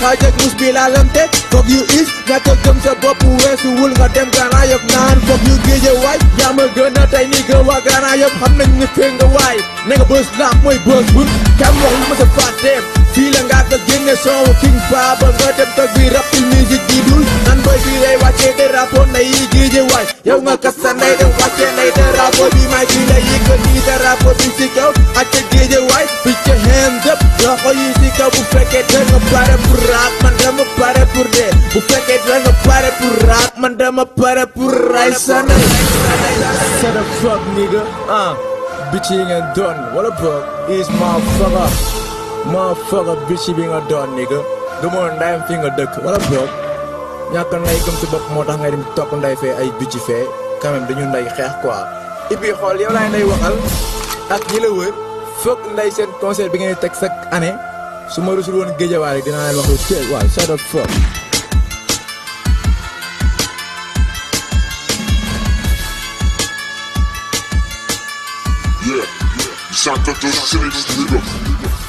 nga jóg rus bi laalante foog yu is ñàkk a gëm sa bopp weesuwul nga dem Grand Yoff naan foog yu géeje yaa ma gën a tey nii waa Grand Yoff xam nañ ne fee ne nga bës laam mooy bës bu kam wax ma sa fàtteem fii la ngaa ko génne son king baaba nga dem toog bi rap ci musique bi dul nan boy bi lay wàccee de rapport na yi géeje waay nga kas sa nay dem wàccee nay de rapport bi may bi lay yëkkati de rapport bi si kaw ak ca géeje waay dem dëpp loxo yi si kaw bu fekkee da nga pare pour raak man dama pare pour dee bu fekkee da nga pare pour raak man dama pare pour ray sana set a fuck nigga ah bitch yi ngeen doon wala boog is motherfucker motherfucker bitch bi nga doon nigga gëmoo ndayam fi nga dëkk wala boog ñàkk ngay gëm si bopp moo tax ngay dem topp nday fee ay bitch fee quand même dañu nday xeex quoi et puis xool yow laay nday waxal ak ñi la wër foog nday seen concert bi ngeen di teg chaque année su ma rusul woon géejawaay rek dinaa leen wax ko teel waay shut up fuck